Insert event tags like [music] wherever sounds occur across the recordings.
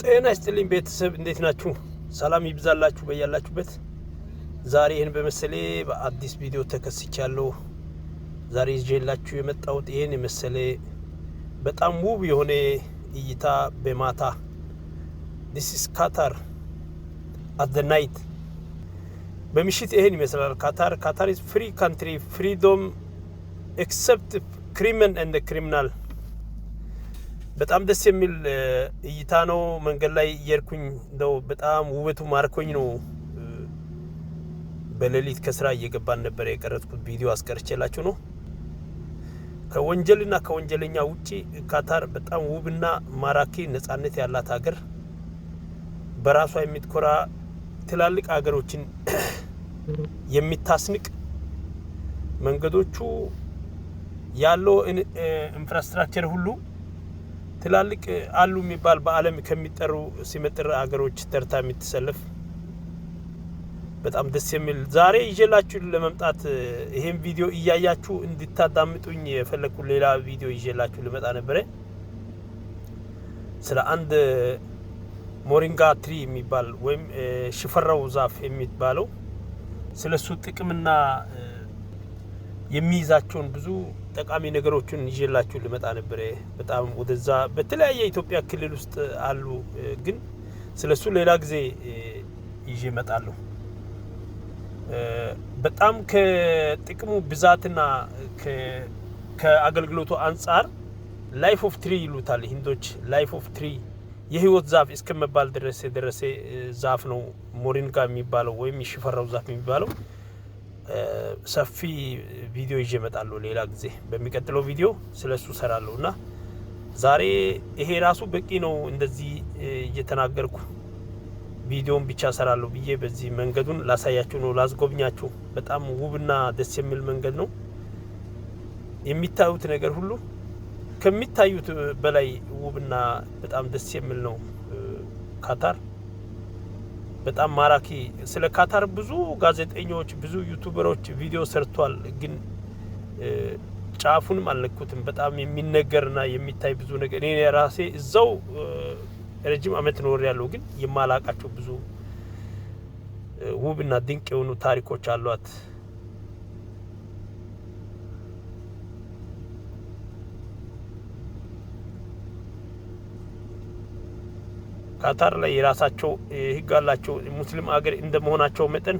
ጤና ይስጥልኝ ቤተሰብ እንዴት ናችሁ? ሰላም ይብዛላችሁ በያላችሁበት። ዛሬ ይህን በመሰሌ በአዲስ ቪዲዮ ተከስቻለሁ። ዛሬ ይዤላችሁ የመጣሁት ይህን የመሰሌ በጣም ውብ የሆነ እይታ በማታ ዲስ ኢስ ካታር አት ናይት በምሽት ይህን ይመስላል። ካታር ካታር ኢዝ ፍሪ ካንትሪ ፍሪዶም ኤክሰፕት ክሪምን ኤንድ ክሪሚናል በጣም ደስ የሚል እይታ ነው። መንገድ ላይ እየርኩኝ እንደው በጣም ውበቱ ማርኮኝ ነው። በሌሊት ከስራ እየገባን ነበረ የቀረጽኩት ቪዲዮ አስቀርቼላችሁ ነው። ከወንጀልና ከወንጀለኛ ውጪ ካታር በጣም ውብና ማራኪ ነጻነት ያላት ሀገር በራሷ የምትኮራ ትላልቅ ሀገሮችን [clears throat] የሚታስንቅ መንገዶቹ ያለው ኢንፍራስትራክቸር ሁሉ ትላልቅ አሉ የሚባል በዓለም ከሚጠሩ ሲመጥር ሀገሮች ተርታ የምትሰለፍ በጣም ደስ የሚል ዛሬ ይዤላችሁ ለመምጣት ይሄን ቪዲዮ እያያችሁ እንድታዳምጡኝ የፈለግኩ ሌላ ቪዲዮ ይዤላችሁ ልመጣ ነበረ። ስለ አንድ ሞሪንጋ ትሪ የሚባል ወይም ሽፈራው ዛፍ የሚባለው ስለ እሱ ጥቅምና የሚይዛቸውን ብዙ ጠቃሚ ነገሮችን ይዤላችሁ ልመጣ ነበረ። በጣም ወደዛ በተለያየ የኢትዮጵያ ክልል ውስጥ አሉ፣ ግን ስለሱ ሌላ ጊዜ ይዤ እመጣለሁ። በጣም ከጥቅሙ ብዛትና ከአገልግሎቱ አንጻር ላይፍ ኦፍ ትሪ ይሉታል ሂንዶች። ላይፍ ኦፍ ትሪ የህይወት ዛፍ እስከመባል ድረስ የደረሰ ዛፍ ነው ሞሪንጋ የሚባለው ወይም የሽፈራው ዛፍ የሚባለው ሰፊ ቪዲዮ ይዤ እመጣለሁ ሌላ ጊዜ በሚቀጥለው ቪዲዮ ስለ እሱ ሰራለሁ እና ዛሬ ይሄ ራሱ በቂ ነው። እንደዚህ እየተናገርኩ ቪዲዮን ብቻ ሰራለሁ ብዬ በዚህ መንገዱን ላሳያችሁ ነው ላስጎብኛችሁ። በጣም ውብና ደስ የሚል መንገድ ነው። የሚታዩት ነገር ሁሉ ከሚታዩት በላይ ውብና በጣም ደስ የሚል ነው ካታር በጣም ማራኪ ስለ ካታር ብዙ ጋዜጠኞች ብዙ ዩቱበሮች ቪዲዮ ሰርቷል። ግን ጫፉንም አልነኩትም። በጣም የሚነገርና የሚታይ ብዙ ነገር እኔ ራሴ እዛው ረጅም ዓመት ኖር ያለው ግን የማላቃቸው ብዙ ውብና ድንቅ የሆኑ ታሪኮች አሏት። ካታር ላይ የራሳቸው ህግ አላቸው። ሙስሊም ሀገር እንደመሆናቸው መጠን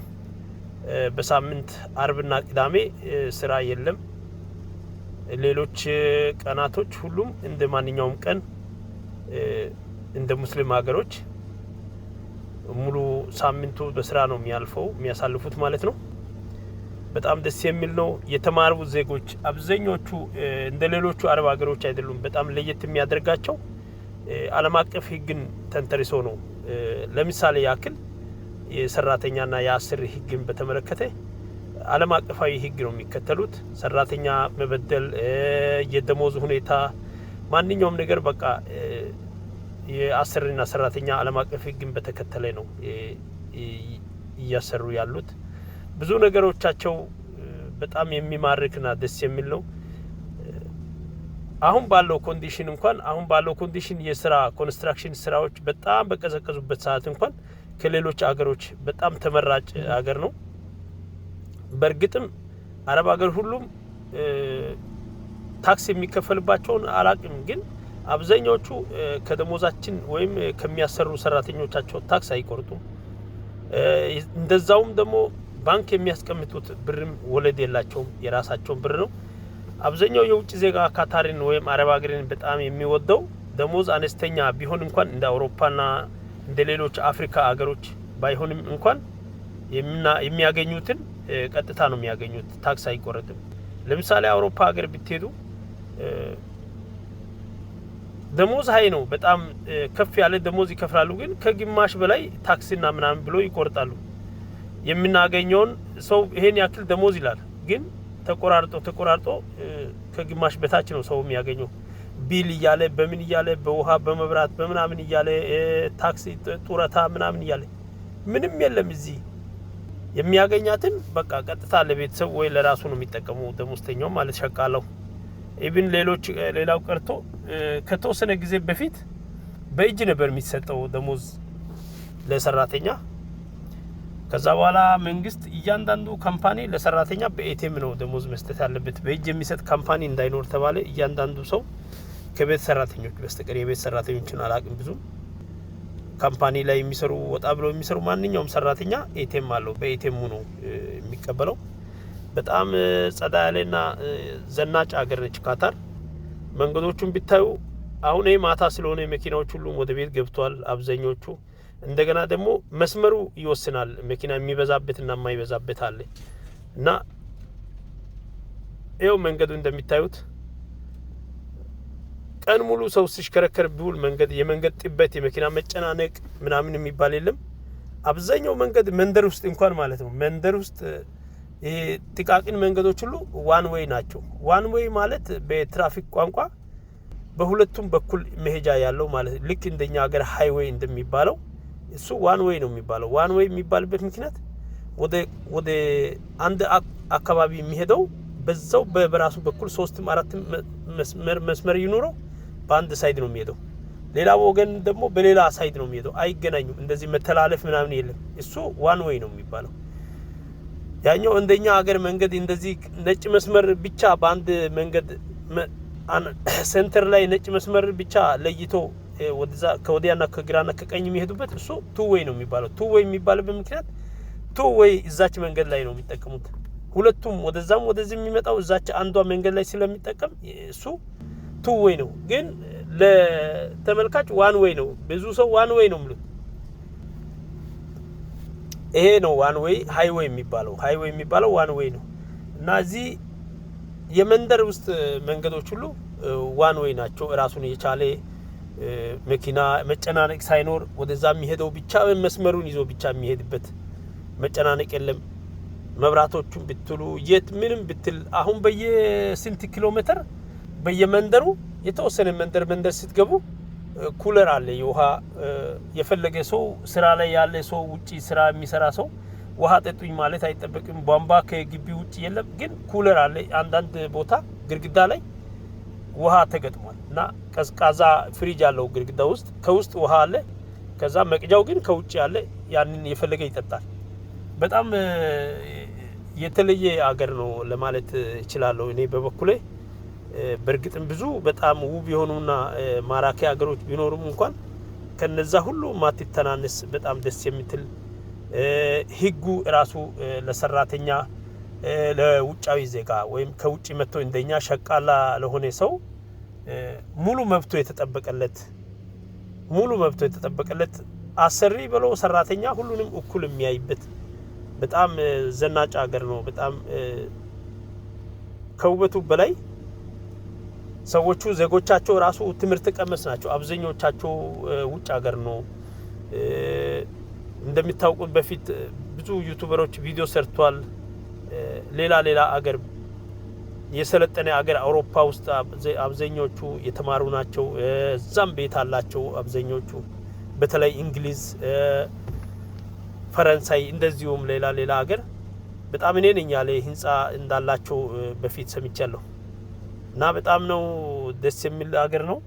በሳምንት አርብና ቅዳሜ ስራ የለም። ሌሎች ቀናቶች ሁሉም እንደ ማንኛውም ቀን እንደ ሙስሊም ሀገሮች ሙሉ ሳምንቱ በስራ ነው የሚያልፈው የሚያሳልፉት ማለት ነው። በጣም ደስ የሚል ነው። የተማሩ ዜጎች አብዛኞቹ እንደ ሌሎቹ አረብ ሀገሮች አይደሉም። በጣም ለየት የሚያደርጋቸው ዓለም አቀፍ ሕግን ተንተርሶ ነው። ለምሳሌ ያክል የሰራተኛና የአስር ሕግን በተመለከተ ዓለም አቀፋዊ ሕግ ነው የሚከተሉት። ሰራተኛ መበደል፣ የደሞዝ ሁኔታ፣ ማንኛውም ነገር በቃ የአስርና ሰራተኛ ዓለም አቀፍ ሕግን በተከተለ ነው እያሰሩ ያሉት። ብዙ ነገሮቻቸው በጣም የሚማርክና ደስ የሚል ነው። አሁን ባለው ኮንዲሽን እንኳን አሁን ባለው ኮንዲሽን የስራ ኮንስትራክሽን ስራዎች በጣም በቀዘቀዙበት ሰዓት እንኳን ከሌሎች አገሮች በጣም ተመራጭ አገር ነው። በእርግጥም አረብ ሀገር ሁሉም ታክስ የሚከፈልባቸውን አላቅም፣ ግን አብዛኛዎቹ ከደሞዛችን ወይም ከሚያሰሩ ሰራተኞቻቸው ታክስ አይቆርጡም። እንደዛውም ደግሞ ባንክ የሚያስቀምጡት ብርም ወለድ የላቸውም፣ የራሳቸውን ብር ነው። አብዛኛው የውጭ ዜጋ ካታሪን ወይም አረብ ሀገርን በጣም የሚወደው ደሞዝ አነስተኛ ቢሆን እንኳን እንደ አውሮፓና እንደ ሌሎች አፍሪካ ሀገሮች ባይሆንም እንኳን የሚያገኙትን ቀጥታ ነው የሚያገኙት፣ ታክስ አይቆረጥም። ለምሳሌ አውሮፓ ሀገር ብትሄዱ ደሞዝ ሀይ ነው፣ በጣም ከፍ ያለ ደሞዝ ይከፍላሉ። ግን ከግማሽ በላይ ታክስና ምናምን ብሎ ይቆርጣሉ። የምናገኘውን ሰው ይሄን ያክል ደሞዝ ይላል ግን ተቆራርጦ ተቆራርጦ ከግማሽ በታች ነው ሰው የሚያገኘው። ቢል እያለ በምን እያለ በውሃ በመብራት በምናምን እያለ ታክሲ ጡረታ ምናምን እያለ ምንም የለም እዚህ የሚያገኛትን በቃ ቀጥታ ለቤተሰብ ወይ ለራሱ ነው የሚጠቀመው ደሞዝተኛው ማለት ሸቃለው ኢብን ሌሎች ሌላው ቀርቶ ከተወሰነ ጊዜ በፊት በእጅ ነበር የሚሰጠው ደሞዝ ለሰራተኛ ከዛ በኋላ መንግስት እያንዳንዱ ካምፓኒ ለሰራተኛ በኤቲኤም ነው ደሞዝ መስጠት ያለበት። በእጅ የሚሰጥ ካምፓኒ እንዳይኖር ተባለ። እያንዳንዱ ሰው ከቤት ሰራተኞች በስተቀር የቤት ሰራተኞችን አላቅም ብዙ ካምፓኒ ላይ የሚሰሩ ወጣ ብለው የሚሰሩ ማንኛውም ሰራተኛ ኤቲኤም አለው። በኤቲኤሙ ነው የሚቀበለው። በጣም ጸዳ ያለና ዘናጭ ሀገር ነች ካታር። መንገዶቹን ቢታዩ አሁን ማታ ስለሆነ መኪናዎች ሁሉም ወደ ቤት ገብተዋል አብዛኞቹ እንደገና ደግሞ መስመሩ ይወስናል። መኪና የሚበዛበትና የማይበዛበት አለ እና ይኸው መንገዱ እንደሚታዩት ቀን ሙሉ ሰው ሲሽከረከር ቢውል መንገድ የመንገድ ጥበት የመኪና መጨናነቅ ምናምን የሚባል የለም። አብዛኛው መንገድ መንደር ውስጥ እንኳን ማለት ነው መንደር ውስጥ ይሄ ጥቃቅን መንገዶች ሁሉ ዋን ዌይ ናቸው። ዋን ዌይ ማለት በትራፊክ ቋንቋ በሁለቱም በኩል መሄጃ ያለው ማለት ልክ እንደኛ ሀገር ሀይዌይ እንደሚባለው እሱ ዋን ዌይ ነው የሚባለው። ዋን ዌይ የሚባልበት ምክንያት ወደ አንድ አካባቢ የሚሄደው በዛው በራሱ በኩል ሶስትም አራትም መስመር ይኑረው በአንድ ሳይድ ነው የሚሄደው። ሌላ ወገን ደግሞ በሌላ ሳይድ ነው የሚሄደው። አይገናኙም። እንደዚህ መተላለፍ ምናምን የለም። እሱ ዋን ዌይ ነው የሚባለው። ያኛው እንደኛ ሀገር መንገድ እንደዚህ ነጭ መስመር ብቻ በአንድ መንገድ ሴንተር [clears throat] ላይ ነጭ መስመር ብቻ ለይቶ ወደዛ ከወዲያና ከግራና ከቀኝ የሚሄዱበት እሱ ቱ ዌይ ነው የሚባለው። ቱዌይ የሚባልበት ምክንያት ዌይ እዛች መንገድ ላይ ነው የሚጠቀሙት። ሁለቱም ወደዛም ወደዚህ የሚመጣው እዛች አንዷ መንገድ ላይ ስለሚጠቀም እሱ ቱዌይ ነው። ግን ለተመልካች ዋን ዌይ ነው። ብዙ ሰው ዋን ዌይ ነው የሚሉት። ይሄ ነው ዋን ዌይ ሃይዌይ የሚባለው። ሃይዌይ የሚባለው ዋን ዌይ ነው እና እዚህ የመንደር ውስጥ መንገዶች ሁሉ ዋን ዌይ ናቸው። እራሱን የቻለ መኪና መጨናነቅ ሳይኖር ወደዛ የሚሄደው ብቻ መስመሩን ይዞ ብቻ የሚሄድበት መጨናነቅ የለም። መብራቶቹን ብትሉ የት ምንም ብትል አሁን በየስንት ኪሎ ሜትር በየመንደሩ የተወሰነ መንደር መንደር ስትገቡ ኩለር አለ። የውሃ የፈለገ ሰው ስራ ላይ ያለ ሰው ውጪ ስራ የሚሰራ ሰው ውሃ ጠጡኝ ማለት አይጠበቅም። ቧንቧ ከግቢ ውጭ የለም፣ ግን ኩለር አለ። አንዳንድ ቦታ ግድግዳ ላይ ውሃ ተገጥሟል እና ቀዝቃዛ ፍሪጅ ያለው ግድግዳ ውስጥ ከውስጥ ውሃ አለ። ከዛ መቅጃው ግን ከውጭ ያለ ያንን የፈለገ ይጠጣል። በጣም የተለየ አገር ነው ለማለት እችላለሁ እኔ በበኩሌ። በእርግጥም ብዙ በጣም ውብ የሆኑና ማራኪ ሀገሮች ቢኖሩም እንኳን ከነዛ ሁሉ ማትተናነስ በጣም ደስ የምትል ህጉ እራሱ ለሰራተኛ ለውጫዊ ዜጋ ወይም ከውጭ መጥቶ እንደኛ ሸቃላ ለሆነ ሰው ሙሉ መብቶ የተጠበቀለት ሙሉ መብቶ የተጠበቀለት አሰሪ ብሎ ሰራተኛ ሁሉንም እኩል የሚያይበት በጣም ዘናጭ ሀገር ነው። በጣም ከውበቱ በላይ ሰዎቹ ዜጎቻቸው ራሱ ትምህርት ቀመስ ናቸው። አብዛኞቻቸው ውጭ ሀገር ነው። እንደሚታወቁት በፊት ብዙ ዩቱበሮች ቪዲዮ ሰርቷል። ሌላ ሌላ አገር የሰለጠነ አገር አውሮፓ ውስጥ አብዛኞቹ የተማሩ ናቸው። እዛም ቤት አላቸው አብዛኞቹ በተለይ እንግሊዝ፣ ፈረንሳይ እንደዚሁም ሌላ ሌላ ሀገር በጣም እኔ ነኝ ያለ ህንፃ እንዳላቸው በፊት ሰምቻለሁ። እና በጣም ነው ደስ የሚል ሀገር ነው።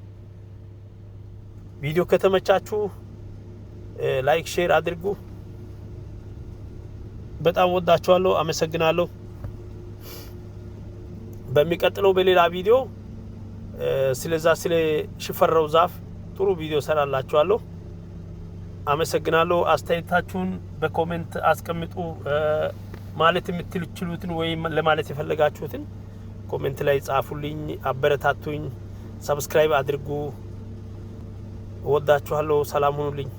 ቪዲዮ ከተመቻችሁ ላይክ ሼር አድርጉ። በጣም ወዳችኋለሁ፣ አመሰግናለሁ። በሚቀጥለው በሌላ ቪዲዮ ስለዛ ስለ ሽፈራው ዛፍ ጥሩ ቪዲዮ ሰራላችኋለሁ። አመሰግናለሁ። አስተያየታችሁን በኮሜንት አስቀምጡ። ማለት የምትችሉትን ወይም ለማለት የፈለጋችሁትን ኮሜንት ላይ ጻፉልኝ፣ አበረታቱኝ፣ ሰብስክራይብ አድርጉ። ወዳችኋለሁ። ሰላም ሁኑልኝ።